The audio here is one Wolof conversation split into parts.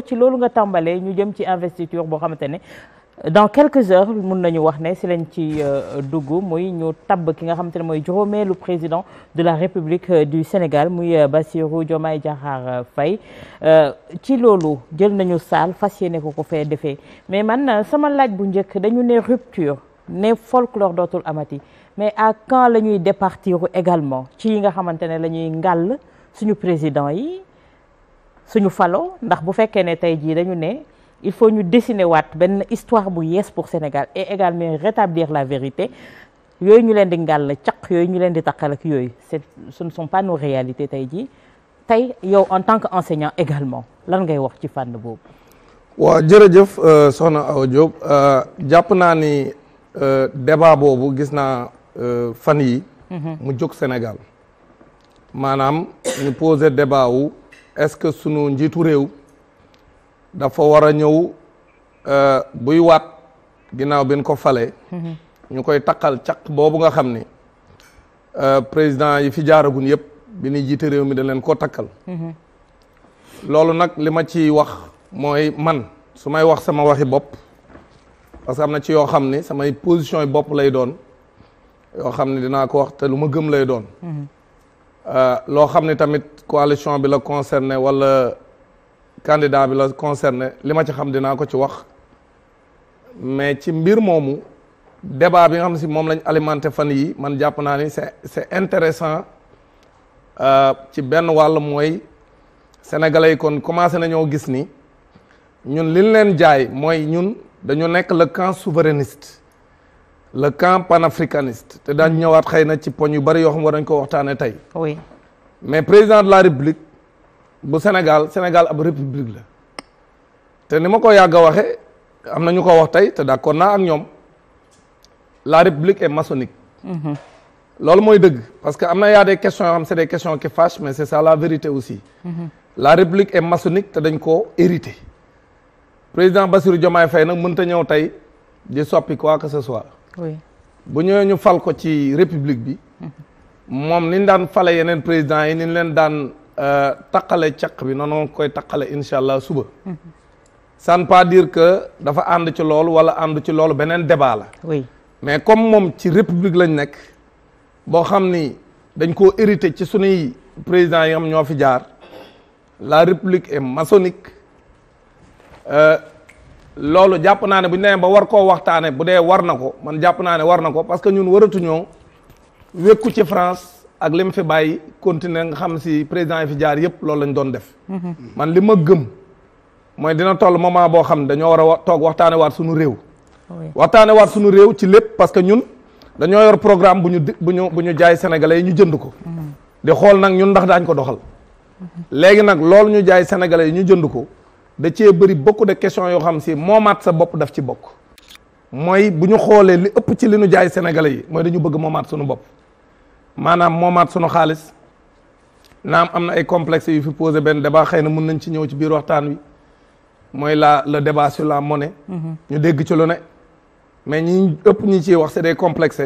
ci loolu nga tàmbalee ñu jëm ci investiture boo xamante ne dans quelques heures mun nañu wax ne si lañ ci euh, dugg muy ñu tabb ki nga xamante ne mooy lu président de la République euh, du Sénégal muy euh, Bassirou Diomaye Diakhar Faye ci loolu jël nañu saal fas yéene ko ko fee defee mais man sama laaj bu njëkk dañu ne rupture ne folklore dootul amati mais à quand la ñuy départir également ci yi nga xamante ne la ñuy suñu président yi suñu falo ndax bu fekkee ne tey jii dañu ne il faut ñu dessiner waat benn histoire bu yees pour Sénégal et également rétablir la vérité yooyu ñu leen di ngàll caq yooyu ñu leen di taqal ak yooyu c'est ce ne sont pas nos réalités tey jii tey yow en tant que enseignant également lan ngay wax ci fànn boobu. waaw jërëjëf euh, soxna Awa Diop euh, jàpp naa ni euh, débat boobu gis naa fan yi mhm. mu jóg Sénégal maanaam ñu posé débat est-ce que sunu njiitu réew dafa war a ñëw euh, buy waat ginnaaw bi ñu ko falee mm-hmm. ñu koy takkal caq boobu nga xam ni euh, président yi fi jaaragun yëpp bi ñuy jiite réew mi da leen koo takkal mm-hmm. loolu nag li ma ci wax mooy man su may wax sama waxi bopp parce am na ci yoo xam ni samay position yi bopp lay doon yoo xam ne dinaa ko wax te lu ma gëm lay doon mm-hmm. Euh, loo xam ne tamit coalition bi la concerné wala candidat bi la concerné li ma ci xam dinaa ko ci wax mais ci mbir moomu débat bi nga xam si moom lañ alimenté fan yi man jàpp naa ni c'est c'est intéressant euh, ci benn wàll mooy sénégalais yi kon commencé nañoo gis ni ñun li leen jaay mooy ñun dañu nekk le camp souverainiste la camp panafricaniste te daañ ñëwaat xëy na ci poñ yu bari yoo xam war nañ ko waxtaane tey oui mais président de la république bu Sénégal Sénégal ab république la te ni ma ko yàgg a waxee am na ñu ko wax tey te d'accord naa ak ñoom la république est maçonnique mhm. loolu mooy dëgg parce que am na yaa des questions yoo xam c'est des questions qui mais c'est ça la vérité aussi mhm. la république est maçonnique te dañ ko hérité président Bassirou Diomaye Faye nag mënta ñëw tey di oui bu ñëwee ñu fal ko ci république bi. moom ni daan fale yeneen président yi ni leen daan euh, taqale caq bi noonu koy taqale incha allah suba. ça pas dire que dafa ànd ci loolu wala ànd ci loolu beneen débat la. mais comme moom ci république lañ nekk boo xam ni dañ koo hérité ci sunuy président yi ñoo fi jaar la république est maçonnique. Euh, loolu jàpp naa ne bu ñu demee ba war koo waxtaanee bu dee war na ko man jàpp naa ne war na ko parce que ñun waratuñoo wékku ci France ak li mu fi bàyyi continuer nga xam si président yi fi jaar yëpp loolu lañ doon def. man li ma gëm mooy dina toll moment boo xam ne dañoo war a toog waxtaanee waat suñu réew. waxtaane waat suñu réew ci lépp parce que ñun dañoo yor programme bu ñu bu ñu bu ñu jaay sénégalais yi ñu jënd ko. Mm-hmm. di xool nag ñun ndax daañ ko doxal. Mm-hmm. léegi nag loolu ñu jaay sénégalais yi ñu jënd ko. da cee bëri beaucoup de questions yoo xam si moomaat sa bopp def ci bokk mooy bu ñu xoolee li ëpp ci li ñu jaay sénégalais yi mooy dañu bëgg moomaat suñu bopp maanaam moomaat sunu xaalis naam am na ay complexe yu fi posé benn débat xëy na mun nañ ci ñëw ci biir waxtaan wi mooy la le débat sur la monnaie. Mhm. ñu dégg ci lu ne mais ñi ëpp ñi ciy wax c'est des complexes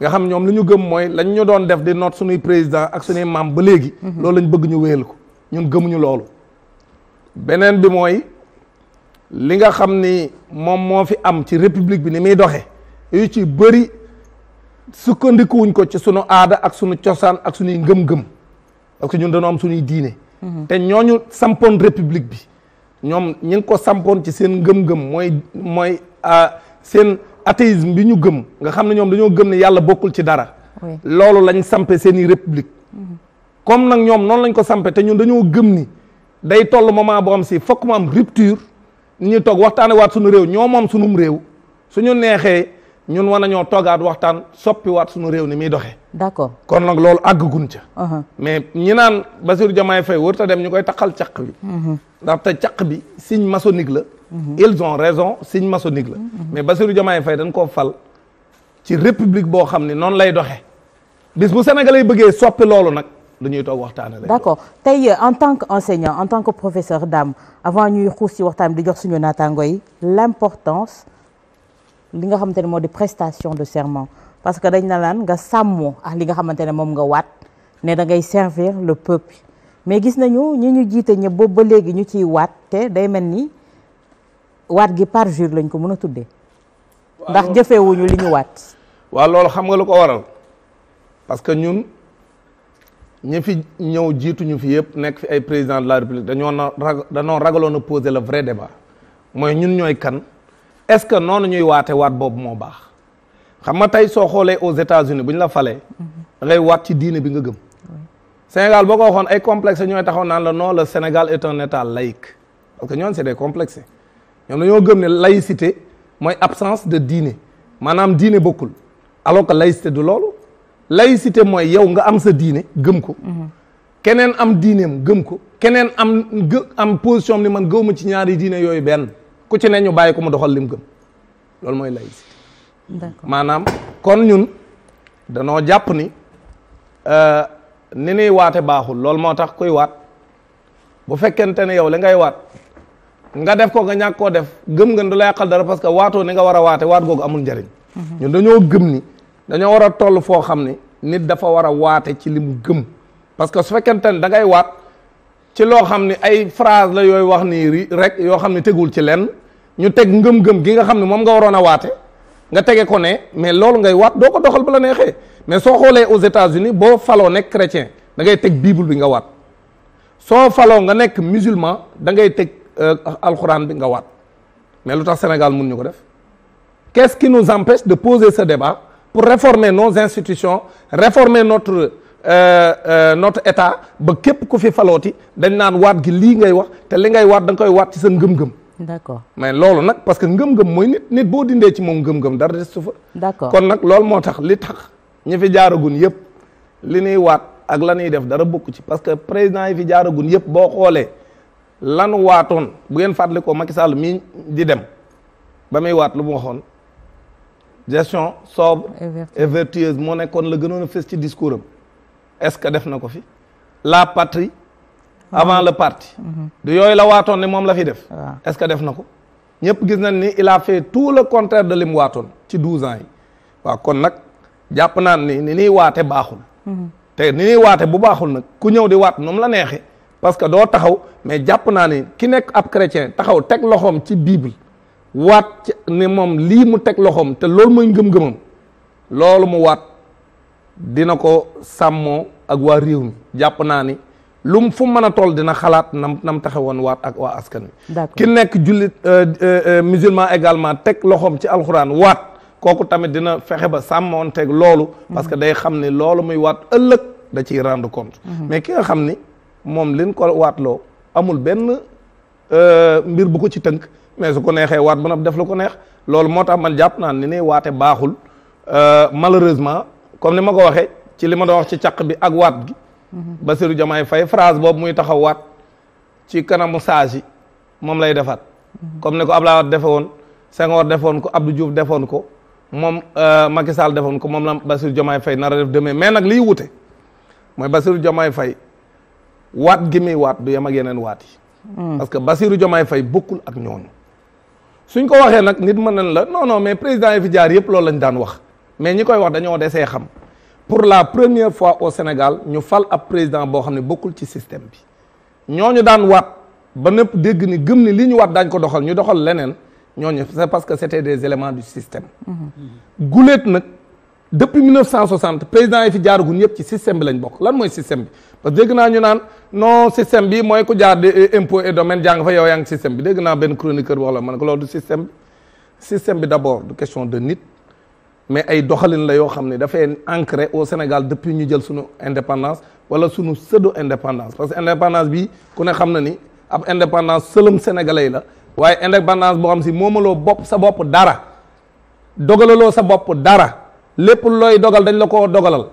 nga xam ñoom lu ñu gëm mooy lañ ñu doon def di noot suñuy président ak suñuy maam ba léegi. Mhm. loolu lañ bëgg ñu wéyal ko ñun gëmuñu loolu. beneen bi mooy li nga xam ni moom moo fi am ci république bi ni muy doxe yu ci bëri sukkandikuwuñ ko ci sunu aada ak sunu cosaan ak sunuy ngëm-ngëm parce que ñun dañoo am sunuy mhm. te ñooñu sampoon république bi ñoom ñi ko sampoon ci seen ngëm-ngëm mooy mooy seen athéisme bi ñu gëm nga xam ne ñoom dañoo gëm ne yàlla bokkul ci dara loolu lañ sampe seeni république mhm. comme nag ñoom noonu lañ ko sampe te ñun dañoo gëm ni day toll moment boo xam si fokk mu am rupture ñu toog waxtaane waat suñu réew ñoo moom sunum réew suñu neexee ñun war nañoo toogaat waxtaan soppi waat suñu réew ni muy doxee d'accord kon nag loolu àggagun ca uh-huh. mais ñi naan Bassirou Diomaye Faye warut a dem ñu koy taqal caq bi uh-huh. ndaxte caq bi signe maçonnique la uh-huh. ils son raison signe maçonnique la mais Bassirou Diomaye Faye dañ koo fal ci république boo xam ne noonu lay doxee bis bu sénégalais yi bëggee soppi loolu nag lu ñuy toog waxtaanee. d'accord tey euh, en tant qu'enseignant en tant que professeur Dame avant ñuy xuus ci waxtaan bi di jox suñu naataango yi l'importance li nga xamante ne moo di prestation de serment parce que dañ na laan nga sàmmoo ak li nga xamante ne moom nga waat ne da ngay servir le peuple mais gis nañu ñi ñu jiite ñëpp boobu ba léegi ñu ciy waat te day mel ni waat gi parjure lañ ko mën a tuddee. ndax jëfeewuñu li ñu waat. waaw loolu xam nga lu ko waral parce que ñun. ñi fi ñëw jiituñu fi yëpp nekk fi ay président de la république dañoo na dañoo ragaloon a poser le vrai débat mooy ñun ñooy kan est-ce que noonu ñuy waate waat boobu moo baax xam nga tey soo xoolee aux États-Unis bu ñu la falee mm-hmm. da waat ci diine bi nga gëm Sénégal boo ko waxoon ay complexe ñooy taxaw naan la non la Sénégal est un état laïque ñoo que ñoon c'est des complexes ñoom gëm ne laïcité mooy absence de diine maanaam diine bokkul alors que laïcité du loolu laïcité mooy yow nga am sa diine gëm ko mhm. keneen am diine mu gëm ko keneen am gë am position ni man gëw ma ci ñaari diine yooyu benn ku ci ne ñu bàyyi ko mu doxal lim gëm loolu mooy laïcité maanaam kon ñun danoo jàpp ni euh, ni nuy waate baaxul lool moo tax kuy waat bu fekkente ne yow li ngay waat nga def ko nga ñàkk koo def gëm nga du la yàqal dara parce que waatoo ni nga war a waate waat googu amul njariñ mhm. ñun dañoo gëm ni dañoo war a toll foo xam ne nit dafa war a waate ci li gëm parce que su fekkente ne da ngay waat ci loo xam ne ay phrase la yooyu wax nii rek yoo xam ne tegul ci lenn ñu teg ngëm gëm gi nga xam ne moom nga waroon a waate nga tege ko ne mais loolu ngay waat doo ko doxal bu la neexee mais soo xoolee aux États-Unis boo faloo nekk chrétien dangay teg bible bi nga waat soo faloo nga nekk musulman da ngay teg euh, alxuraan bi nga waat mais lu tax Sénégal mun ko def qu'est-ce qui de poser ce débat pour réformer nos institutions réformer notre Euh, euh, état ba képp ku fi falooti dañ naan waat gi lii ngay wax te li ngay waat da nga koy waat ci sa ngëm-ngëm. d'accord mais loolu nag parce que ngëm-ngëm mooy nit nit boo dindee ci moom ngëm-ngëm dara desu fa. d'accord kon nag loolu moo tax li tax ñi fi jaaragun yëpp li ñuy waat ak la ñuy def dara bokk ci parce que président yi fi jaaragun yëpp boo xoolee lanu waatoon bu ngeen fàttali ko Macky Sall mii di dem ba muy waat lu mu waxoon gestion sobre et vertueuse moo nekkoon la gënoon a fës ci discours am est-ce que def na ko fi la patrie avant le parti mhm. du yooyu la waatoon ne moom la fi def est-ce que def na ko ñëpp gis nañ ni il a tout le contraire de li mu waatoon ci douze ans yi waaw kon nag jàpp naan ni ni ñuy waate baaxul mhm. te ni waate bu baaxul nag ku ñëw di waat nu la neexee parce que doo taxaw mais jàpp naa ni ki nekk ab chrétien taxaw teg loxoom ci bible waat ne moom lii mu teg loxoom te loolu mooy ngëm-ngëmam loolu mu waat dina ko sàmmoo ak waa réew mi jàpp naa ni lu mu fu mën a tool dina xalaat na nam taxe woon waat ak waa askan wi ki nekk jullit euh, euh, euh, musulman également teg loxoom ci alxuraan waat kooku tamit dina fexe ba sàmmoon teg loolu parce que day xam ne loolu muy waat ëllëg da ciy rendre compte mhm. mais ki nga xam ni moom liñ ko waat loo amul benn mbir bu ko ci tënk mais su ko neexee waat ba noppi def lu ko neex loolu moo tax man jàpp naa ni ne waate baaxul euh, malheureusement comme ni ma ko waxee ci li ma doon wax ci caq bi ak waat gi. Mhm. Bassirou Diomaye fay phrase boobu muy taxaw waat ci kanamu saage moom lay defaat. Mhm. comme ni ko Abdoulaye Wade defe woon Senghor defoon ko abdu Diouf defoon ko moom euh, Macky Sall defoon ko moom la Bassirou Diomaye Faye nar a def demee mais nag liy wute mooy Bassirou Diomaye fay waat gi muy waat du yem ak yeneen waat yi. Mm. parce que Bassirou Diomaye Faye bokkul ak ñooñu. suñ ko waxee nag nit mën nañ la non non mais président yi fi jaar yëpp loolu lañ daan wax mais ñi koy wax dañoo desee xam pour la première fois au Sénégal ñu fal ab président boo xam ne bokkul ci système bi ñoo ñu daan waat ba nëpp dégg ni gëm ni li ñu waat daañ ko doxal ñu doxal leneen ñooñu c'est parce que c'était des éléments du système mm-hmm. guléet nag depuis 1960 président yi fi jaaragun yëpp ci système bi lañ bokk lan mooy système bi parce que dégg naa ñu naan non système bi mooy ku jaar di eh, impôt et domaine jàng fa yow yaa ngi système bi dégg naa benn chroniqueur wax la man ko loolu du système bi système bi d' abord du question de nit mais ay doxalin la yoo xam ne dafay ancré au Sénégal depuis ñu jël suñu indépendance wala suñu pseudo indépendance parce que indépendance bi ku ne xam na ni ab indépendance sëlëm sénégalais la waaye indépendance boo xam si moomaloo bopp sa bopp dara dogalaloo sa bopp dara. lépp looy dogal dañ la ko dogalal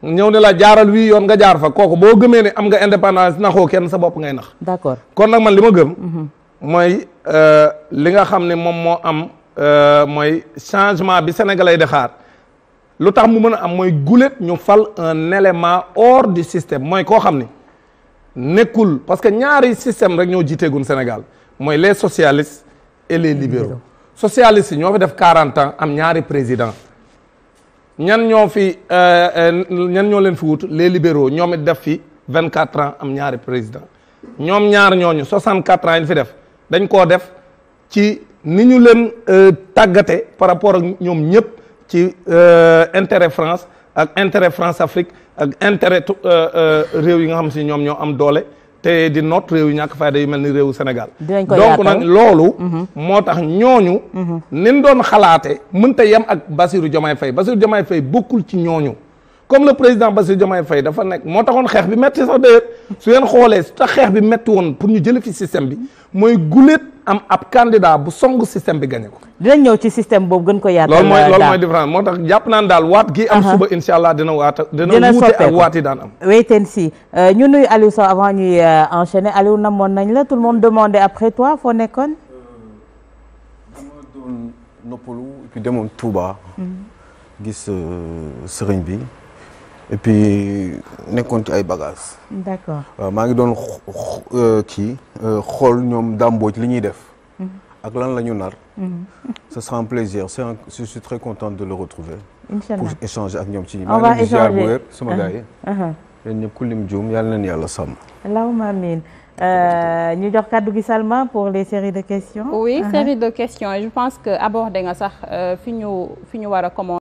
ñëw ne la jaaral wii yoon nga jaar fa kooku boo gëmee ne am nga indépendance naxoo kenn sa bopp ngay nax d'accord kon nag man li ma gëm mhm. mooy euh, li nga xam ne moom moo am euh, mooy changement bi sénégalais di xaar lu tax mu mën a am mooy gulet ñu fal un élément hors du système mooy koo xam ni nekkul parce que ñaari système rek ñoo jiiteegun Sénégal mooy les socialistes et les libéraux socialistes yi ñoo fi def quarante ans am ñaari président ñan ñoo fi euh, euh, ñan ñoo leen fi wut les libéraux ñoom def fi vingt quatre ans am ñaari président ñoom ñaar ñooñu soixante quatre ans yi fi def dañ koo def ci ni ñu leen euh, tàggate par rapport ak ñoom ñëpp ci intérêt France ak intérêt France Afrique ak intérêt réew yi nga xam si ñoom ñoo am doole te di noot réew yu ñàkk fayda yu mel ni réewu senegal donc nag loolu mhm. moo tax ñooñu mhm. nin doon xalaate te yem ak Bassirou Diomaye fay Bassirou Diomaye Faye bokkul ci ñooñu comme le président Bassirou Diomaye Faye dafa nekk moo taxoon xeex bi metti sax d'ailleurs su ngeen xoolee su tax xeex bi metti woon pour ñu jële fi système bi mooy guléet am ab candidat bu song système bi gagné ko. dinañ ñëw ci système boobu gën ko yaatal. loolu euh, jàpp naan daal waat gi am suba incha allah dina waata dina wuute ak waat daan am. Euh, ñu nuyu Aliou Sow avant ñuy euh, enchaîner na namoon nañ la tout le monde demandait après toi foo nekkoon. dama doon noppalu. demoon Touba. Mm. gis sëriñ bi. et puis nekkoon ci ay bagages. d'accord waaw maa ngi doon euh, kii euh, xool ñoom dàmbooj li ñuy def. Mm-hmm. ak lan la ñu nar. Mm-hmm. ce sera un plaisir c'est un je suis très content de le retrouver inchallah pour échanger ak ñoom ci. on va échanger maa ngi bu wér sama gars yi. Uh-huh. Uh-huh. yéen ñëpp ku lim juum yàlla na leen yàlla sàmm. allahumma amiin. Euh, ñu jox kàddu pour les séries de questions. oui uh -huh. je pense que abordé nga sax fi ñu fi a commencer.